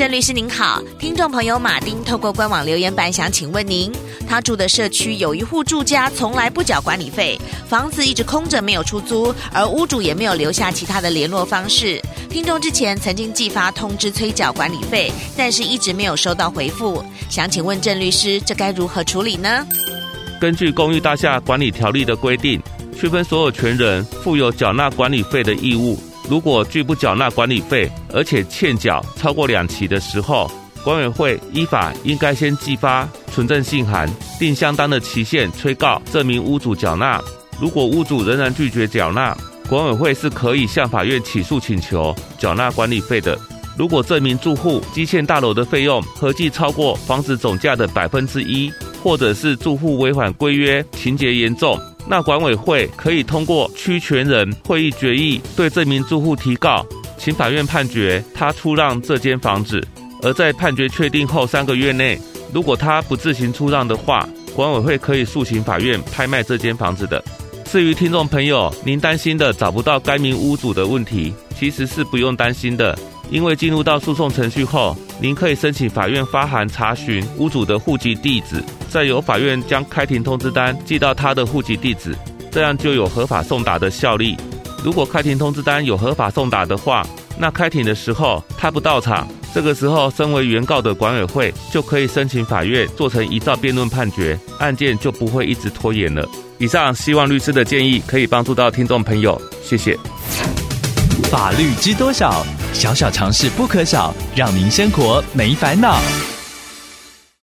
鄭律師您好，聽眾朋友馬丁透過官網留言板想請問您，他住的社區有一戶住家從來不繳管理費，房子一直空着沒有出租，而屋主也沒有留下其他的聯絡方式。聽眾之前曾經寄發通知催繳管理費，但是一直沒有收到回復，想請問鄭律師，這該如何處理呢？根據公寓大廈管理條例的規定，區分所有權人負有繳納管理費的義務。如果拒不繳納管理費，而且欠繳超過兩期的時候，管委會依法應該先寄發存證信函，定相當的期限催告這名屋主繳納。如果屋主仍然拒絕繳納，管委會是可以向法院起訴請求繳納管理費的。如果這名住戶積欠大樓的費用合計超過房子總價的百分之一，或者是住戶違反規約，情節嚴重。那管委會可以通過區權人會議決議，對這名住戶提告，請法院判決他出讓這間房子。而在判決確定後三個月內，如果他不自行出讓的話，管委會可以訴請法院拍賣這間房子的。至於聽眾朋友，您擔心的找不到該名屋主的問題，其實是不用擔心的，因為進入到訴訟程序後，您可以申請法院發函查詢屋主的戶籍地址，再由法院將開庭通知單寄到他的戶籍地址，這樣就有合法送達的效力。如果開庭通知單有合法送達的話，那開庭的時候他不到場，這個時候身為原告的管委會就可以申請法院做成一造辯論判決，案件就不會一直拖延了。以上希望律師的建議可以幫助到聽眾朋友，謝謝。法律知多少？小小常識不可少，讓您生活沒煩惱。